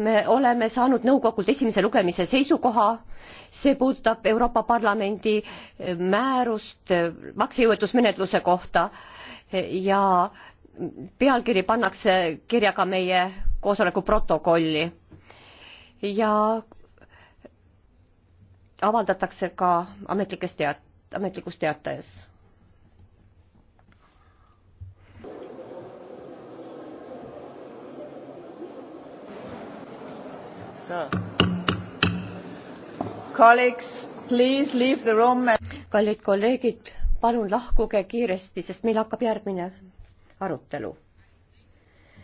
me oleme saanud nõukogult esimese lugemise seisukoha see puudutab euroopa parlamendi eh, määrust eh, maksejõuetusmenetluse kohta ja pealkiri pannakse kirja ka meie koosoleku protokolli ja avaldatakse ka ametlikes teat- ametlikus teatajas kallid kolleegid palun lahkuge kiiresti sest meil hakkab järgmine arutelu.